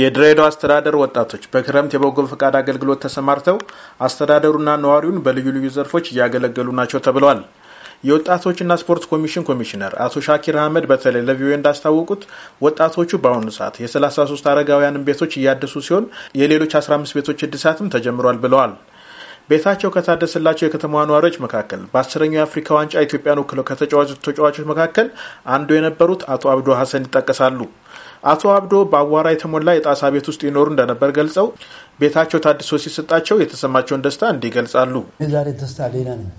የድሬዳዋ አስተዳደር ወጣቶች በክረምት የበጎ ፈቃድ አገልግሎት ተሰማርተው አስተዳደሩና ነዋሪውን በልዩ ልዩ ዘርፎች እያገለገሉ ናቸው ተብለዋል። የወጣቶችና ስፖርት ኮሚሽን ኮሚሽነር አቶ ሻኪር አህመድ በተለይ ለቪኦኤ እንዳስታወቁት ወጣቶቹ በአሁኑ ሰዓት የ33 አረጋውያንን ቤቶች እያደሱ ሲሆን የሌሎች 15 ቤቶች እድሳትም ተጀምሯል ብለዋል። ቤታቸው ከታደሰላቸው የከተማዋ ነዋሪዎች መካከል በአስረኛው የአፍሪካ ዋንጫ ኢትዮጵያን ወክለው ከተጫዋቾች ተጫዋቾች መካከል አንዱ የነበሩት አቶ አብዶ ሀሰን ይጠቀሳሉ። አቶ አብዶ በአቧራ የተሞላ የጣሳ ቤት ውስጥ ይኖሩ እንደነበር ገልጸው ቤታቸው ታድሶ ሲሰጣቸው የተሰማቸውን ደስታ እንዲህ ይገልጻሉ። ዛሬ ደስታ ሌላ ነው።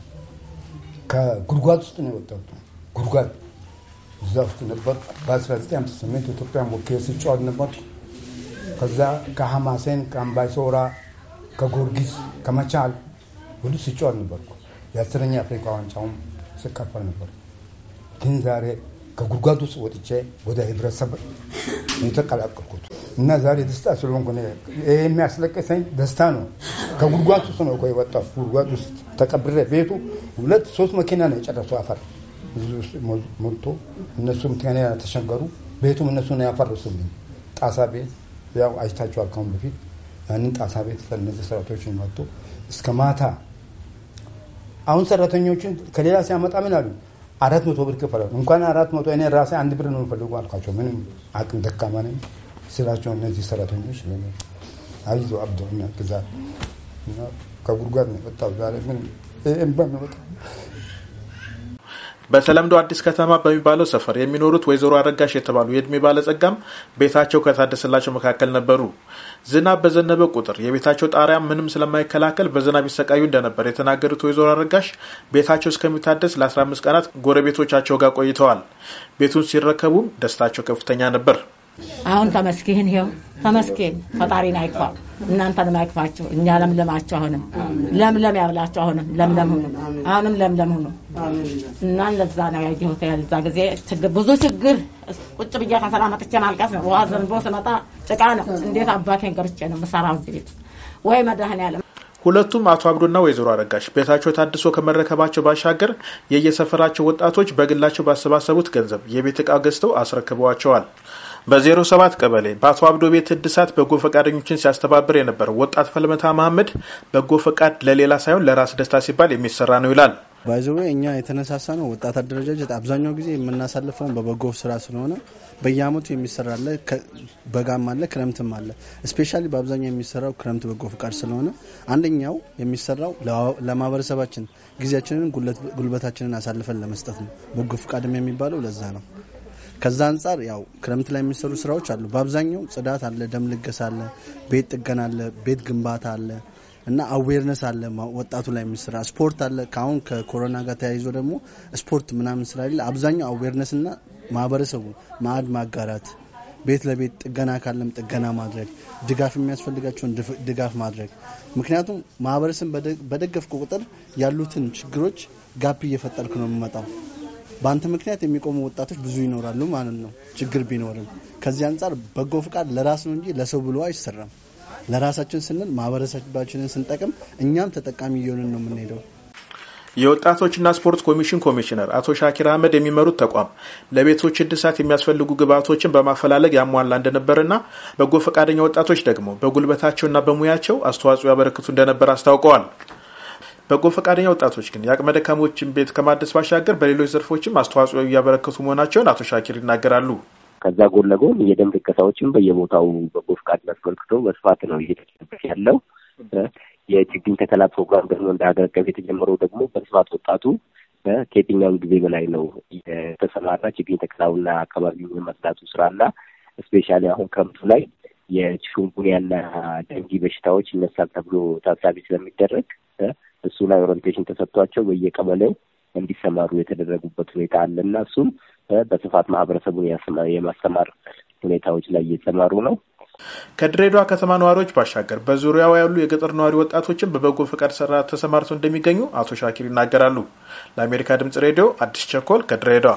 ከጉድጓድ ውስጥ ነው የወጣሁት። ጉድጓድ እዛ ውስጥ ነበር። በ1958 ኢትዮጵያን ወክዬ ስጫወት ነበር። ከዛ ከሀማሴን ከአምባሶራ ከጎርጊስ ከመቻል ሁሉ ስጫወት ነበርኩ። የአስረኛ አፍሪካ ዋንጫውም ስካፈል ነበር። ግን ዛሬ ከጉድጓድ ውስጥ ወጥቼ ወደ ህብረተሰብ የተቀላቀልኩት እና ዛሬ ደስታ ስለሆንኩ የሚያስለቀሰኝ ደስታ ነው። ከጉድጓድ ውስጥ ነው የወጣሁ። ጉድጓድ ውስጥ ተቀብሬ ቤቱ ሁለት ሶስት መኪና ነው የጨረሱ አፈር ሞልቶ እነሱም ቴና ተሸንገሩ። ቤቱም እነሱ ያፈረሱልኝ ጣሳ ቤት ያው አይታችኋል ከሁን በፊት ያንን ጣሳ ቤት እነዚህ ሰራተኞችን መጡ እስከ ማታ። አሁን ሰራተኞችን ከሌላ ሲያመጣ ምን አሉ? አራት መቶ ብር ክፈለ። እንኳን አራት መቶ እኔ ራሴ አንድ ብር ነው የምፈልጉ አልኳቸው። ምንም አቅም ደካማ ነኝ ስላቸው እነዚህ ሰራተኞች አይዞ አብዶ ግዛ ከጉድጓድ ነው የወጣው ዛሬ ምን እንባ ነው የወጣው በተለምዶ አዲስ ከተማ በሚባለው ሰፈር የሚኖሩት ወይዘሮ አረጋሽ የተባሉ የእድሜ ባለጸጋም ቤታቸው ከታደሰላቸው መካከል ነበሩ። ዝናብ በዘነበ ቁጥር የቤታቸው ጣሪያ ምንም ስለማይከላከል በዝናብ ይሰቃዩ እንደነበር የተናገሩት ወይዘሮ አረጋሽ ቤታቸው እስከሚታደስ ለ15 ቀናት ጎረቤቶቻቸው ጋር ቆይተዋል። ቤቱን ሲረከቡም ደስታቸው ከፍተኛ ነበር። አሁን ተመስገን ይኸው ተመስገን። ፈጣሪን አይክፋ፣ እናንተንም አይክፋቸው። እኛ ለምለማቸው አሁንም ለምለም ያብላቸው። አሁንም ለምለም ሁኑ፣ አሁንም ለምለም ሁኑ። እና ለዛ ነው ያየሁት። ያለዛ ጊዜ ችግር ብዙ ችግር ቁጭ ብዬ ከሰራ መጥቼ ማልቀስ ነው። ውሃ ዘንቦ ስመጣ ጭቃ ነው። እንዴት አባቴን ገብቼ ነው የምሰራው እዚህ ቤት ወይ መድኃኔዓለም። ሁለቱም አቶ አብዶና ወይዘሮ አረጋሽ ቤታቸው ታድሶ ከመረከባቸው ባሻገር የየሰፈራቸው ወጣቶች በግላቸው ባሰባሰቡት ገንዘብ የቤት ዕቃ ገዝተው አስረክበዋቸዋል። በዜሮ ሰባት ቀበሌ በአቶ አብዶ ቤት እድሳት በጎ ፈቃደኞችን ሲያስተባብር የነበረው ወጣት ፈልመታ መሀመድ በጎ ፈቃድ ለሌላ ሳይሆን ለራስ ደስታ ሲባል የሚሰራ ነው ይላል። ባይዘወ እኛ የተነሳሳ ነው ወጣት አደረጃጀት አብዛኛው ጊዜ የምናሳልፈውን በበጎ ስራ ስለሆነ በየአመቱ የሚሰራለ በጋም አለ፣ ክረምትም አለ። እስፔሻሊ በአብዛኛው የሚሰራው ክረምት በጎ ፍቃድ ስለሆነ አንደኛው የሚሰራው ለማህበረሰባችን ጊዜያችንን ጉልበታችንን አሳልፈን ለመስጠት ነው። በጎ ፍቃድም የሚባለው ለዛ ነው። ከዛ አንጻር ያው ክረምት ላይ የሚሰሩ ስራዎች አሉ። በአብዛኛው ጽዳት አለ፣ ደም ልገስ አለ፣ ቤት ጥገና አለ፣ ቤት ግንባታ አለ እና አዌርነስ አለ ወጣቱ ላይ የሚሰራ ስፖርት አለ። ከአሁን ከኮሮና ጋር ተያይዞ ደግሞ ስፖርት ምናምን ስራ ሌለ አብዛኛው አዌርነስ እና ማህበረሰቡ ማዕድ ማጋራት፣ ቤት ለቤት ጥገና ካለም ጥገና ማድረግ፣ ድጋፍ የሚያስፈልጋቸውን ድጋፍ ማድረግ። ምክንያቱም ማህበረሰብ በደገፍኩ ቁጥር ያሉትን ችግሮች ጋፕ እየፈጠርክ ነው የሚመጣው። በአንተ ምክንያት የሚቆሙ ወጣቶች ብዙ ይኖራሉ ማለት ነው፣ ችግር ቢኖርም። ከዚህ አንጻር በጎ ፍቃድ ለራስ ነው እንጂ ለሰው ብሎ አይሰራም። ለራሳችን ስንል ማህበረሰባችንን ስንጠቅም እኛም ተጠቃሚ እየሆንን ነው የምንሄደው። የወጣቶችና ስፖርት ኮሚሽን ኮሚሽነር አቶ ሻኪር አህመድ የሚመሩት ተቋም ለቤቶች እድሳት የሚያስፈልጉ ግብዓቶችን በማፈላለግ ያሟላ እንደነበርና በጎ ፈቃደኛ ወጣቶች ደግሞ በጉልበታቸውና በሙያቸው አስተዋጽኦ ያበረክቱ እንደነበር አስታውቀዋል። በጎ ፈቃደኛ ወጣቶች ግን የአቅመ ደካሞችን ቤት ከማደስ ባሻገር በሌሎች ዘርፎችም አስተዋጽኦ እያበረከቱ መሆናቸውን አቶ ሻኪር ይናገራሉ። ከዛ ጎን ለጎን የደንብ እቀሳዎችን በየቦታው በጎ ፈቃድ አስመልክቶ በስፋት ነው እየተጠበቅ ያለው። የችግኝ ተከላ ፕሮግራም ደግሞ እንደ ሀገር አቀፍ የተጀመረው ደግሞ በስፋት ወጣቱ ከየትኛውም ጊዜ በላይ ነው የተሰማራ ችግኝ ተከላውና አካባቢውን የማጽዳቱ ስራና ስፔሻሊ አሁን ክረምቱ ላይ የቺኩንጉንያና ደንጊ በሽታዎች ይነሳል ተብሎ ታሳቢ ስለሚደረግ እሱ ላይ ኦሪንቴሽን ተሰጥቷቸው በየቀበሌው እንዲሰማሩ የተደረጉበት ሁኔታ አለና እሱም በስፋት ማህበረሰቡን የማስተማር ሁኔታዎች ላይ እየተማሩ ነው። ከድሬዳዋ ከተማ ነዋሪዎች ባሻገር በዙሪያው ያሉ የገጠር ነዋሪ ወጣቶችን በበጎ ፈቃድ ስራ ተሰማርተው እንደሚገኙ አቶ ሻኪር ይናገራሉ። ለአሜሪካ ድምጽ ሬዲዮ አዲስ ቸኮል ከድሬዳዋ